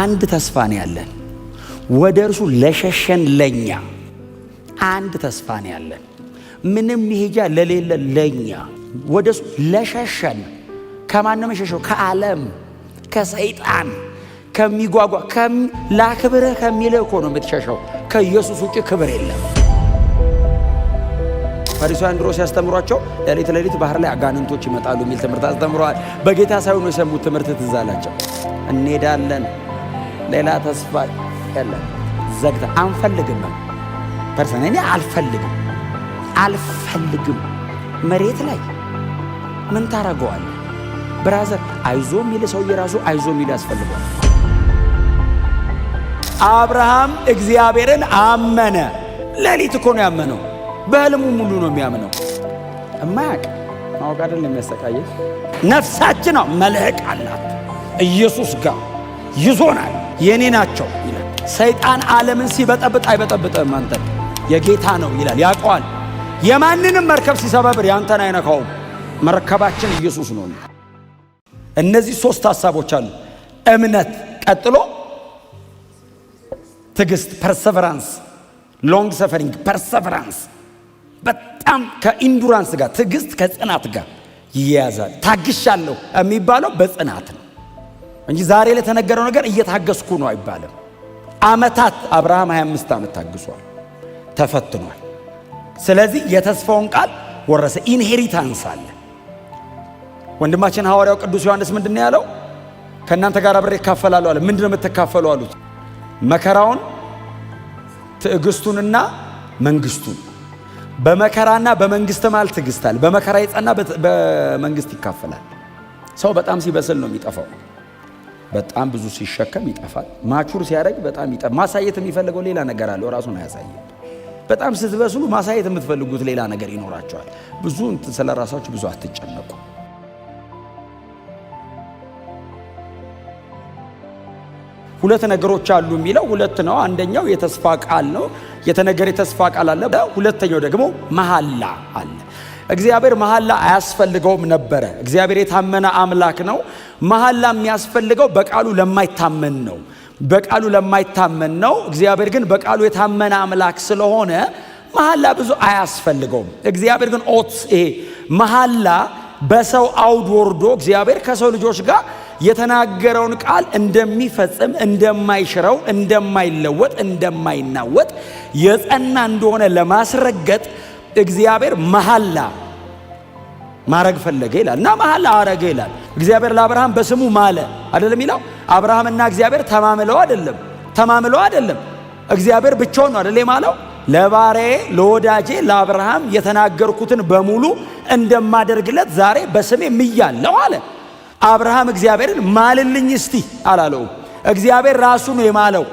አንድ ተስፋ ነው ያለን፣ ወደ እርሱ ለሸሸን ለኛ አንድ ተስፋ ነው ያለን። ምንም መሄጃ ለሌለ ለኛ ወደ እርሱ ለሸሸን። ከማን ነው የሸሸው? ከዓለም ከሰይጣን ከሚጓጓ ላክብርህ ከሚልህ እኮ ነው የምትሸሸው። ከኢየሱስ ውጭ ክብር የለም። ፈሪሳውያን ድሮ ሲያስተምሯቸው ሌሊት ሌሊት ባህር ላይ አጋንንቶች ይመጣሉ የሚል ትምህርት አስተምረዋል። በጌታ ሳይሆኑ የሰሙት ትምህርት ትዝ አላቸው። እንሄዳለን ሌላ ተስፋ የለም። ዘግተ አንፈልግም። ፐርሰን እኔ አልፈልግም አልፈልግም። መሬት ላይ ምን ታረገዋል? ብራዘር አይዞ የሚል ሰው የራሱ አይዞ የሚል ያስፈልገዋል። አብርሃም እግዚአብሔርን አመነ። ሌሊት እኮ ነው ያመነው። በህልሙ ሙሉ ነው የሚያምነው። እማያቅ ማወቅ አይደለም የሚያሰቃየች ነፍሳችን ነው መልህቅ አላት ኢየሱስ ጋር ይዞናል። የኔ ናቸው ይላል። ሰይጣን ዓለምን ሲበጠብጥ አይበጠብጥም፣ አንተ የጌታ ነው ይላል፣ ያውቀዋል። የማንንም መርከብ ሲሰባብር ያንተን አይነካውም። መርከባችን ኢየሱስ ነው። እነዚህ ሶስት ሀሳቦች አሉ። እምነት፣ ቀጥሎ ትዕግስት፣ ፐርሰቨራንስ፣ ሎንግ ሰፈሪንግ። ፐርሰቨራንስ በጣም ከኢንዱራንስ ጋር ትዕግስት ከጽናት ጋር ይያያዛል። ታግሻለሁ የሚባለው በጽናት ነው። እንጂ ዛሬ ለተነገረው ነገር እየታገስኩ ነው አይባልም። አመታት አብርሃም 25 ዓመት ታግሷል፣ ተፈትኗል። ስለዚህ የተስፋውን ቃል ወረሰ። ኢንሄሪታንስ አለ። ወንድማችን ሐዋርያው ቅዱስ ዮሐንስ ምንድን ያለው? ከእናንተ ጋር አብሬ እካፈላለሁ አለ። ምንድን ነው የምትካፈሉ አሉት? መከራውን ትዕግስቱንና መንግስቱን በመከራና በመንግስት ማል ትዕግስት አለ። በመከራ የጸና በመንግስት ይካፈላል። ሰው በጣም ሲበስል ነው የሚጠፋው። በጣም ብዙ ሲሸከም ይጠፋል። ማቹር ሲያደርግ በጣም ይጠፋ። ማሳየት የሚፈልገው ሌላ ነገር አለው፣ ራሱን አያሳይም። በጣም ስትበስሉ ማሳየት የምትፈልጉት ሌላ ነገር ይኖራቸዋል። ብዙ ስለ ራሳችሁ ብዙ አትጨነቁ። ሁለት ነገሮች አሉ የሚለው ሁለት ነው። አንደኛው የተስፋ ቃል ነው። የተነገረ የተስፋ ቃል አለ። ሁለተኛው ደግሞ መሐላ አለ። እግዚአብሔር መሐላ አያስፈልገውም ነበረ። እግዚአብሔር የታመነ አምላክ ነው። መሐላ የሚያስፈልገው በቃሉ ለማይታመን ነው። በቃሉ ለማይታመን ነው። እግዚአብሔር ግን በቃሉ የታመነ አምላክ ስለሆነ መሐላ ብዙ አያስፈልገውም። እግዚአብሔር ግን ኦት ይሄ መሐላ በሰው አውድ ወርዶ እግዚአብሔር ከሰው ልጆች ጋር የተናገረውን ቃል እንደሚፈጽም እንደማይሽረው፣ እንደማይለወጥ፣ እንደማይናወጥ የጸና እንደሆነ ለማስረገጥ እግዚአብሔር መሐላ ማረግ ፈለገ ይላል እና መሐላ አረገ ይላል። እግዚአብሔር ለአብርሃም በስሙ ማለ አይደለም ይለው አብርሃምና እግዚአብሔር ተማምለው አይደለም ተማምለው አይደለም። እግዚአብሔር ብቻውን ነው አይደል ማለው ለባሬ ለወዳጄ ለአብርሃም የተናገርኩትን በሙሉ እንደማደርግለት ዛሬ በስሜ ምያለሁ አለ። አብርሃም እግዚአብሔርን ማልልኝ እስቲ አላለውም። እግዚአብሔር ራሱ ነው የማለው።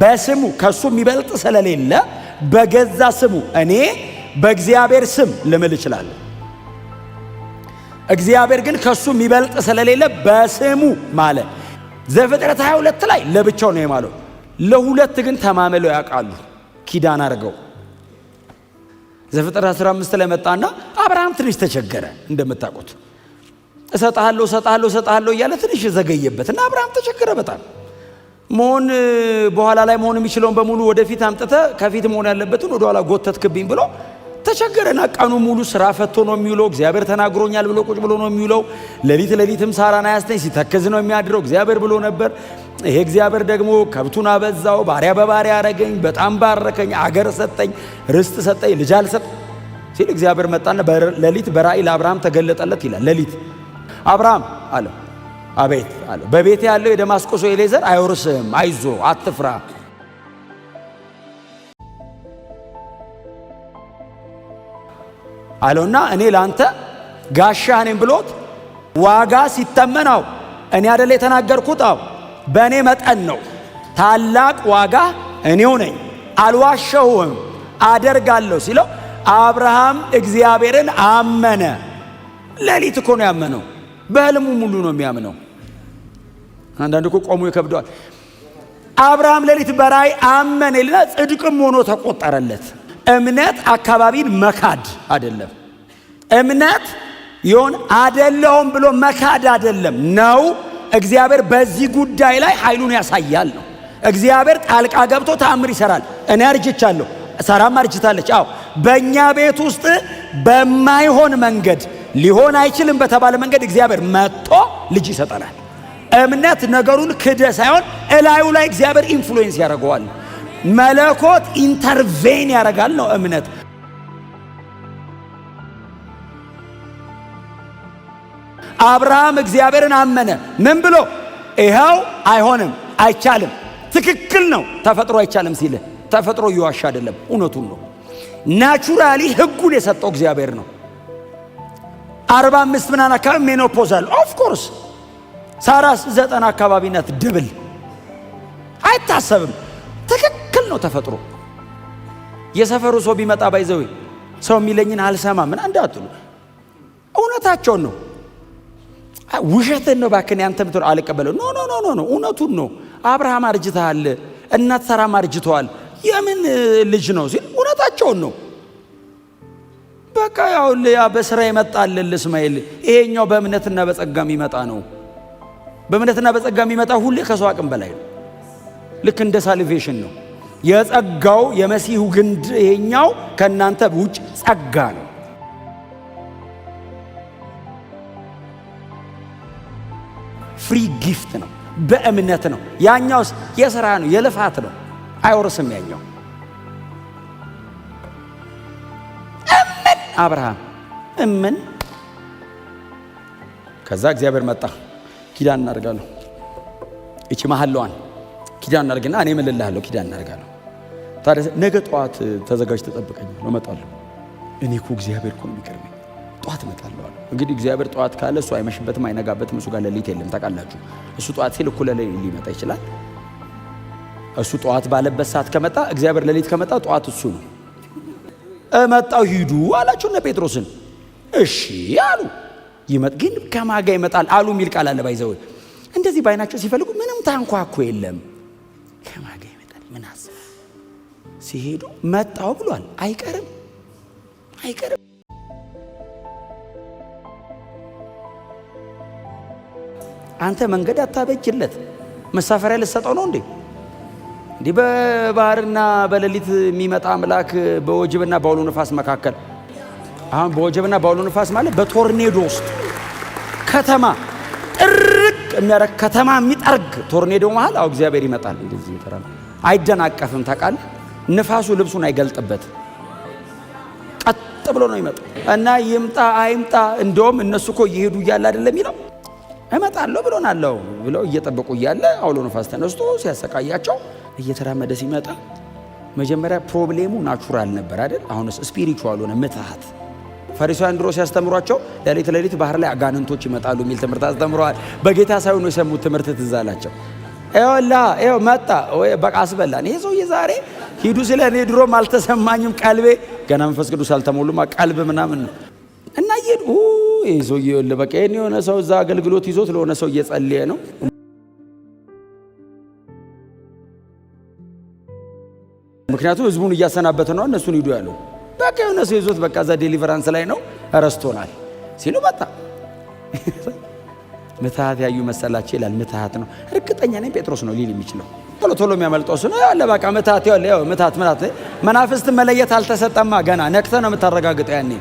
በስሙ ከሱ የሚበልጥ ስለሌለ በገዛ ስሙ እኔ በእግዚአብሔር ስም ልምል እችላለሁ። እግዚአብሔር ግን ከሱ የሚበልጥ ስለሌለ በስሙ ማለ። ዘፍጥረት 22 ላይ ለብቻው ነው የማለው። ለሁለት ግን ተማምለው ያውቃሉ ኪዳን አድርገው ዘፍጥረት 15 ላይ መጣና አብርሃም ትንሽ ተቸገረ። እንደምታውቁት እሰጥሃለሁ እሰጥሃለሁ እሰጥሃለሁ እያለ ትንሽ ዘገየበት እና አብርሃም ተቸገረ በጣም መሆን በኋላ ላይ መሆን የሚችለውን በሙሉ ወደፊት አምጥተ ከፊት መሆን ያለበትን ወደኋላ ጎተትክብኝ ብሎ ተቸገረና ቀኑ ሙሉ ስራ ፈቶ ነው የሚውለው። እግዚአብሔር ተናግሮኛል ብሎ ቁጭ ብሎ ነው የሚውለው። ሌሊት ሌሊትም ሳራን አያስተኝ ሲተክዝ ነው የሚያድረው። እግዚአብሔር ብሎ ነበር። ይሄ እግዚአብሔር ደግሞ ከብቱን አበዛው፣ ባሪያ በባሪያ አረገኝ፣ በጣም ባረከኝ፣ አገር ሰጠኝ፣ ርስት ሰጠኝ፣ ልጅ አልሰጥ ሲል እግዚአብሔር መጣና ሌሊት በራእይ ለአብርሃም ተገለጠለት ይላል። ሌሊት አብርሃም አለ አቤት አለ በቤቴ ያለው የደማስቆ ሰው ኤሌዘር አይወርስህም፣ አይዞ አትፍራ አለውና እኔ ለአንተ ጋሻ ነኝ ብሎት ዋጋ ሲተመናው እኔ አደለ የተናገርኩት? አው በእኔ መጠን ነው። ታላቅ ዋጋ እኔው ነኝ፣ አልዋሸሁም፣ አደርጋለሁ ሲለው አብርሃም እግዚአብሔርን አመነ። ሌሊት እኮ ነው ያመነው። በህልሙ ሙሉ ነው የሚያምነው። አንዳንድ ቆሙ ይከብደዋል። አብርሃም ሌሊት በራይ አመነ ይልና ጽድቅም ሆኖ ተቆጠረለት። እምነት አካባቢን መካድ አይደለም። እምነት ይሆን አደለውም ብሎ መካድ አይደለም ነው። እግዚአብሔር በዚህ ጉዳይ ላይ ኃይሉን ያሳያል ነው። እግዚአብሔር ጣልቃ ገብቶ ተአምር ይሰራል። እኔ አርጅቻለሁ፣ ሳራም አርጅታለች። አዎ በእኛ ቤት ውስጥ በማይሆን መንገድ ሊሆን አይችልም በተባለ መንገድ እግዚአብሔር መጥቶ ልጅ ይሰጠናል። እምነት ነገሩን ክደ ሳይሆን እላዩ ላይ እግዚአብሔር ኢንፍሉዌንስ ያደርገዋል። መለኮት ኢንተርቬን ያደርጋል ነው እምነት። አብርሃም እግዚአብሔርን አመነ። ምን ብሎ? ይኸው አይሆንም፣ አይቻልም፣ ትክክል ነው። ተፈጥሮ አይቻልም ሲል ተፈጥሮ እየዋሻ አይደለም፣ እውነቱን ነው። ናቹራሊ ህጉን የሰጠው እግዚአብሔር ነው። አርባ አምስት ምናን አካባቢ ሜኖፖዛል ኦፍኮርስ፣ ሳራስ ዘጠና አካባቢነት ድብል አይታሰብም። ነው ተፈጥሮ። የሰፈሩ ሰው ቢመጣ ባይዘው ሰው የሚለኝን አልሰማ ምን አንድ አትሉ። እውነታቸውን ነው ውሸትን ነው ባክን ያንተ ምትሆን አልቀበለው። ኖ ኖ ኖ ኖ እውነቱን ነው። አብርሃም አርጅተሃል፣ እናት ሰራም አርጅተዋል። የምን ልጅ ነው ሲል እውነታቸውን ነው። በቃ ያው በስራ ይመጣልል እስማኤል። ይሄኛው በእምነትና በጸጋ የሚመጣ ነው። በእምነትና በጸጋ የሚመጣ ሁሌ ከሰው አቅም በላይ ነው። ልክ እንደ ሳልቬሽን ነው። የጸጋው የመሲሁ ግንድ ይሄኛው ከእናንተ ውጭ ጸጋ ነው። ፍሪ ጊፍት ነው፣ በእምነት ነው። ያኛውስ የሥራ ነው፣ የልፋት ነው። አይወርስም ያኛው። እምን አብርሃም እምን። ከዛ እግዚአብሔር መጣ። ኪዳን እናደርጋለሁ። እቺ መሐላዋን ኪዳን እናደርግና እኔ እምልልሃለሁ። ኪዳን እናደርጋለሁ ታዲያ ነገ ጠዋት ተዘጋጅ ተጠብቀኛል፣ እመጣለሁ። እኔ እኮ እግዚአብሔር እኮ ነው የሚገርመኝ። ጠዋት እመጣለሁ አለ። እንግዲህ እግዚአብሔር ጠዋት ካለ እሱ አይመሽበትም፣ አይነጋበትም። እሱ ጋር ሌሊት የለም ታውቃላችሁ። እሱ ጠዋት ሲል እኩለ ሌሊት ሊመጣ ይችላል። እሱ ጠዋት ባለበት ሰዓት ከመጣ እግዚአብሔር ሌሊት ከመጣ ጠዋት እሱ ነው። እመጣው ሂዱ አላቸው እነ ጴጥሮስን። እሺ አሉ። ይመጥ ግን ከማጋ ይመጣል አሉ የሚል ቃል አለ። ባይዘው እንደዚህ በአይናቸው ሲፈልጉ ምንም ታንኳኩ የለም ሲሄዱ መጣው ብሏል። አይቀርም አይቀርም። አንተ መንገድ አታበጅለት፣ መሳፈሪያ ልሰጠው ነው እንዴ? እንዲህ በባህርና በሌሊት የሚመጣ አምላክ በወጀብና በአውሎ ንፋስ መካከል አሁን በወጀብና በአውሎ ንፋስ ማለት በቶርኔዶ ውስጥ ከተማ ጥርቅ የሚያደርግ ከተማ የሚጠርግ ቶርኔዶ መሃል አሁ እግዚአብሔር ይመጣል። እንደዚህ ይጠራል። አይደናቀፍም። ታውቃለህ ንፋሱ ልብሱን አይገልጥበት ቀጥ ብሎ ነው ይመጣ እና ይምጣ አይምጣ እንደውም እነሱ እኮ እየሄዱ እያለ አይደለም ይለው እመጣለሁ ብሎናለሁ ብለው እየጠበቁ እያለ አውሎ ንፋስ ተነስቶ ሲያሰቃያቸው እየተራመደ ሲመጣ መጀመሪያ ፕሮብሌሙ ናቹራል ነበር አይደል? አሁንስ ስፒሪቹዋል ሆነ ምትሃት። ፈሪሳውያን ድሮ ሲያስተምሯቸው ሌሊት ሌሊት ባህር ላይ አጋንንቶች ይመጣሉ የሚል ትምህርት አስተምረዋል። በጌታ ሳይሆኑ የሰሙት ትምህርት ትዝ አላቸው። ላ መጣ በቃ አስበላን ይሄ ሰውዬ ዛሬ ሂዱ ስለ እኔ ድሮም አልተሰማኝም ቀልቤ ገና መንፈስ ቅዱስ አልተሞሉማ ቀልብ ምናምን ነው እና እየሄዱ ይህ ሰውዬ በቃ የሆነ ሰው እዛ አገልግሎት ይዞት ለሆነ ሰው እየጸልየ ነው ምክንያቱም ህዝቡን እያሰናበተ ነው እነሱን ሂዱ ያለው በቃ የሆነ ሰው ይዞት በቃ እዛ ዴሊቨራንስ ላይ ነው ረስቶናል ሲሉ መጣ ምትሃት ያዩ መሰላቸው ይላል ምትሃት ነው እርግጠኛ ነኝ ጴጥሮስ ነው ሊል የሚችለው ቶሎ ቶሎ የሚያመልጠው እሱ ነው ያለ። በቃ ምታት ያው ምታት ምታት መናፍስት መለየት አልተሰጠማ ገና ነክተ ነው የምታረጋግጠው ያኔ።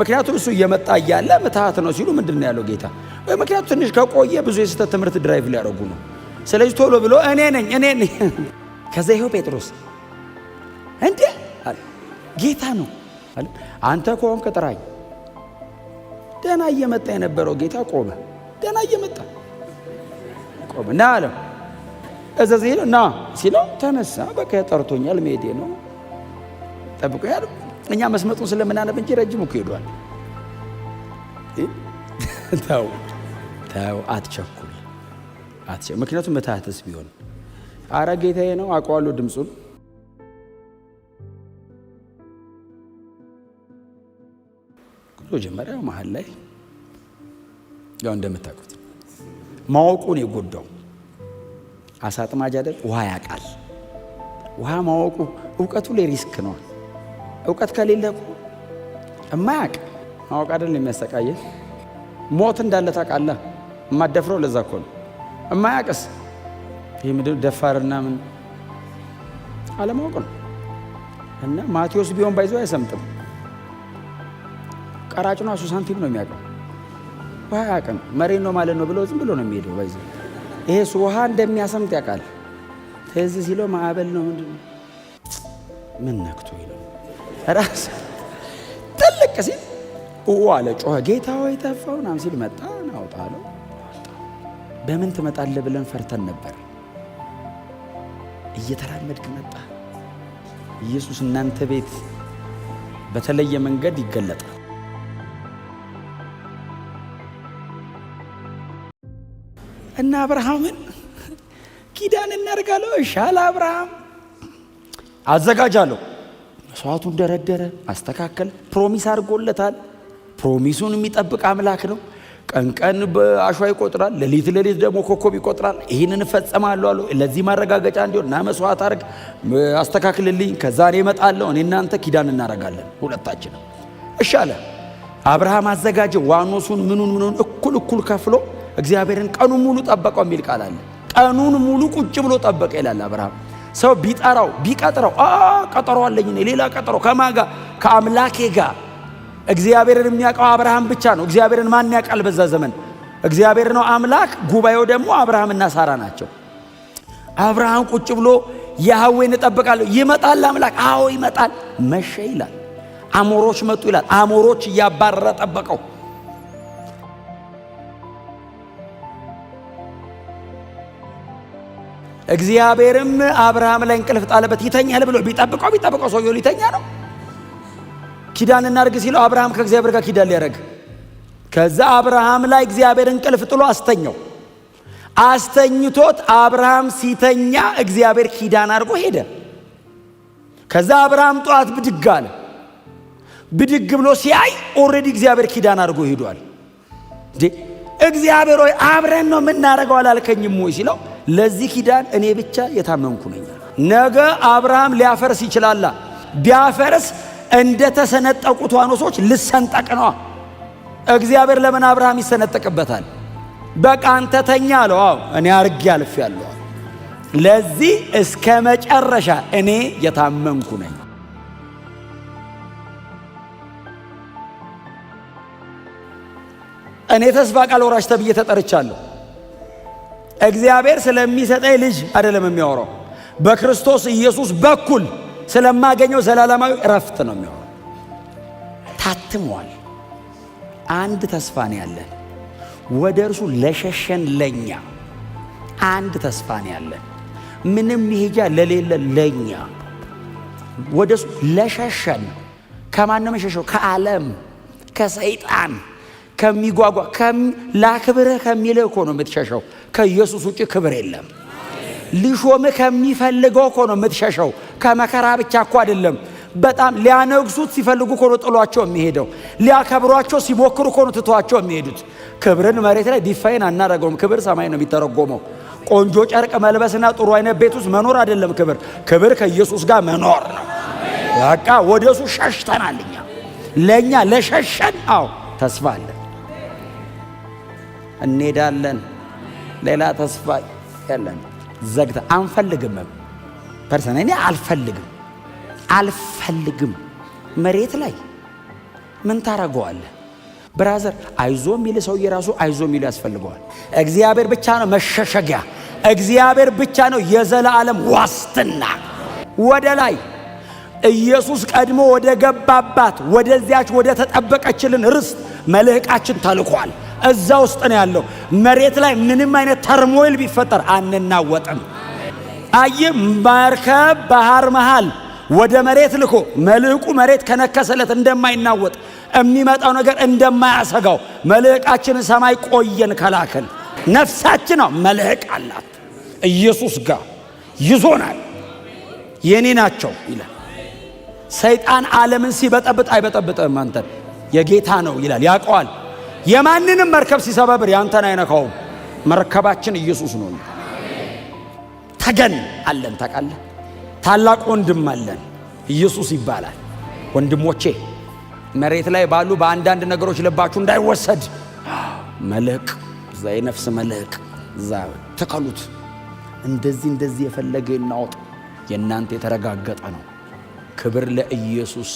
ምክንያቱም እሱ እየመጣ እያለ ምታት ነው ሲሉ ምንድን ነው ያለው ጌታ? ወይ ምክንያቱ ትንሽ ከቆየ ብዙ የስህተት ትምህርት ድራይቭ ሊያደርጉ ነው። ስለዚህ ቶሎ ብሎ እኔ ነኝ እኔ ነኝ። ከዛ ይኸው ጴጥሮስ እንዴ ጌታ ነው አንተ ከሆንክ ጥራኝ። ደህና እየመጣ የነበረው ጌታ ቆመ። ደህና እየመጣ ቆመ እና አለው እዘዝህ ና ሲለው ተነሳ። በቃ ጠርቶኛል መሄዴ ነው ጠብቆኛል። እኛ መስመጡን ስለምናነብ እንጂ ረጅሙ እኮ ሄዷል። ተው ተው፣ አትቸኩል። ምክንያቱም መታህተስ ቢሆን አረ ጌታዬ ነው አውቀዋለሁ ድምፁን መጀመሪያ መሀል ላይ ያው እንደምታውቁት ማወቁን የጎዳው አሳ አጥማጅ አይደል? ውሃ ያውቃል። ውሃ ማወቁ እውቀቱ ላይ ሪስክ ነው። እውቀት ከሌለ እማያቅ ማወቅ አይደል የሚያሰቃየ ሞት እንዳለ ታውቃለህ። እማደፍረው ለዛ እኮ ነው። እማያቅስ ይህ ምድር ደፋርና ምን አለማወቅ ነው። እና ማቴዎስ ቢሆን ባይዞ አይሰምጥም። ቀራጭ ነው፣ አሱ ሳንቲም ነው የሚያውቀው። ባያቅም መሬት ነው ማለት ነው ብለው ዝም ብሎ ነው የሚሄደው ባይዞ ይሄ ውሃ እንደሚያሰምጥ ያውቃል። ትዝ ሲለው ማዕበል ነው ምንድን ነው ምን ነክቶ ነው ራስ ጥልቅ ሲል እዋ አለ፣ ጮኸ። ጌታ ሆይ ጠፋሁ ናም ሲል መጣ አውጣ አለው። በምን ትመጣለህ ብለን ፈርተን ነበር። እየተራመድክ መጣ። ኢየሱስ እናንተ ቤት በተለየ መንገድ ይገለጣል። እና አብርሃምን ኪዳን እናደርጋለሁ እሻል አብርሃም አዘጋጃለሁ። መስዋዕቱን ደረደረ፣ አስተካከል። ፕሮሚስ አድርጎለታል። ፕሮሚሱን የሚጠብቅ አምላክ ነው። ቀን ቀን በአሸዋ ይቆጥራል፣ ሌሊት ሌሊት ደግሞ ኮከብ ይቆጥራል። ይህንን እፈጸማለሁ አሉ ለዚህ ማረጋገጫ እንዲሆን ና መስዋዕት አድርግ፣ አስተካክልልኝ፣ ከዛ እኔ እመጣለሁ፣ እኔ እናንተ ኪዳን እናደርጋለን ሁለታችን። እሻለ አብርሃም አዘጋጀ። ዋኖሱን ምኑን ምኑን እኩል እኩል ከፍሎ እግዚአብሔርን ቀኑን ሙሉ ጠበቀው የሚል ቃል አለ። ቀኑን ሙሉ ቁጭ ብሎ ጠበቀ ይላል አብርሃም። ሰው ቢጠራው ቢቀጥረው ቀጠሮ አለኝ እኔ ሌላ ቀጠሮ ከማጋ ጋር? ከአምላኬ ጋር። እግዚአብሔርን የሚያውቀው አብርሃም ብቻ ነው። እግዚአብሔርን ማን ያውቃል? በዛ ዘመን እግዚአብሔር ነው አምላክ፣ ጉባኤው ደግሞ አብርሃምና ሳራ ናቸው። አብርሃም ቁጭ ብሎ ያህዌን እጠብቃለሁ ይመጣል አምላክ። አዎ ይመጣል። መሸ ይላል። አሞሮች መጡ ይላል። አሞሮች እያባረረ ጠበቀው። እግዚአብሔርም አብርሃም ላይ እንቅልፍ ጣለበት። ይተኛል ብሎ ቢጠብቀው ቢጠብቀው ሰውየው ሊተኛ ነው። ኪዳን እናድርግ ሲለው አብርሃም ከእግዚአብሔር ጋር ኪዳን ሊያደርግ ከዛ አብርሃም ላይ እግዚአብሔር እንቅልፍ ጥሎ አስተኛው። አስተኝቶት አብርሃም ሲተኛ እግዚአብሔር ኪዳን አድርጎ ሄደ። ከዛ አብርሃም ጠዋት ብድግ አለ። ብድግ ብሎ ሲያይ ኦልሬዲ እግዚአብሔር ኪዳን አድርጎ ሄዷል። እግዚአብሔር ሆይ አብረን ነው የምናደርገው አላልከኝም ወይ ሲለው ለዚህ ኪዳን እኔ ብቻ የታመንኩ ነኝ። ነገ አብርሃም ሊያፈርስ ይችላላ። ቢያፈርስ እንደ ተሰነጠቁት ዋኖሶች ልሰንጠቅ ነው። እግዚአብሔር ለምን አብርሃም ይሰነጠቅበታል? በቃ አንተ ተኛ አለው። አዎ እኔ አርጌ አልፌያለሁ። ለዚህ እስከ መጨረሻ እኔ የታመንኩ ነኝ። እኔ ተስፋ ቃል ወራሽ ተብዬ ተጠርቻለሁ። እግዚአብሔር ስለሚሰጠኝ ልጅ አይደለም የሚያወራው፣ በክርስቶስ ኢየሱስ በኩል ስለማገኘው ዘላለማዊ እረፍት ነው የሚያወራው። ታትሟል። አንድ ተስፋ ነው ያለን፣ ወደ እርሱ ለሸሸን ለኛ አንድ ተስፋ ነው ያለን፣ ምንም መሄጃ ለሌለ ለኛ ወደ እሱ ለሸሸን። ከማን ነው የሸሸው? ከዓለም ከሰይጣን ከሚጓጓ ላክብርህ ከሚልህ እኮ ነው የምትሸሸው። ከኢየሱስ ውጭ ክብር የለም። ሊሾምህ ከሚፈልገው እኮ ነው የምትሸሸው። ከመከራ ብቻ እኮ አይደለም። በጣም ሊያነግሱት ሲፈልጉ እኮ ነው ጥሏቸው የሚሄደው። ሊያከብሯቸው ሲሞክሩ እኮ ነው ትቷቸው የሚሄዱት። ክብርን መሬት ላይ ዲፋይን አናደርገውም። ክብር ሰማይ ነው የሚተረጎመው። ቆንጆ ጨርቅ መልበስና ጥሩ አይነት ቤት ውስጥ መኖር አይደለም ክብር። ክብር ከኢየሱስ ጋር መኖር ነው። በቃ ወደሱ ሸሽተናል እኛ ለእኛ ለሸሸን አዎ ተስፋ አለን። እንሄዳለን። ሌላ ተስፋ የለን። ዘግተ አንፈልግም። ፐርሰና እኔ አልፈልግም አልፈልግም። መሬት ላይ ምን ታረገዋለ? ብራዘር አይዞ የሚል ሰው የራሱ አይዞ የሚሉ ያስፈልገዋል። እግዚአብሔር ብቻ ነው መሸሸጊያ። እግዚአብሔር ብቻ ነው የዘላለም ዋስትና ወደ ላይ ኢየሱስ ቀድሞ ወደ ገባባት ወደዚያች ወደ ተጠበቀችልን ርስት መልህቃችን ተልኳል። እዛ ውስጥ ነው ያለው። መሬት ላይ ምንም አይነት ተርሞይል ቢፈጠር አንናወጥም። አይ መርከብ ባህር መሃል ወደ መሬት ልኮ መልህቁ መሬት ከነከሰለት እንደማይናወጥ የሚመጣው ነገር እንደማያሰጋው መልህቃችን ሰማይ ቆየን ከላክን ነፍሳችን ነው መልህቅ አላት ኢየሱስ ጋር ይዞናል የኔ ናቸው ይላል። ሰይጣን ዓለምን ሲበጠብጥ አይበጠብጥም አንተን የጌታ ነው ይላል ያውቀዋል። የማንንም መርከብ ሲሰባብር ያንተን አይነካውም። መርከባችን ኢየሱስ ነው። ተገን አለን ታውቃለህ። ታላቅ ወንድም አለን ኢየሱስ ይባላል። ወንድሞቼ መሬት ላይ ባሉ በአንዳንድ ነገሮች ልባችሁ እንዳይወሰድ መልሕቅ እዛ የነፍስ መልሕቅ እዛ ትከሉት። እንደዚህ እንደዚህ የፈለገ ይናወጥ የእናንተ የተረጋገጠ ነው። ክብር ለኢየሱስ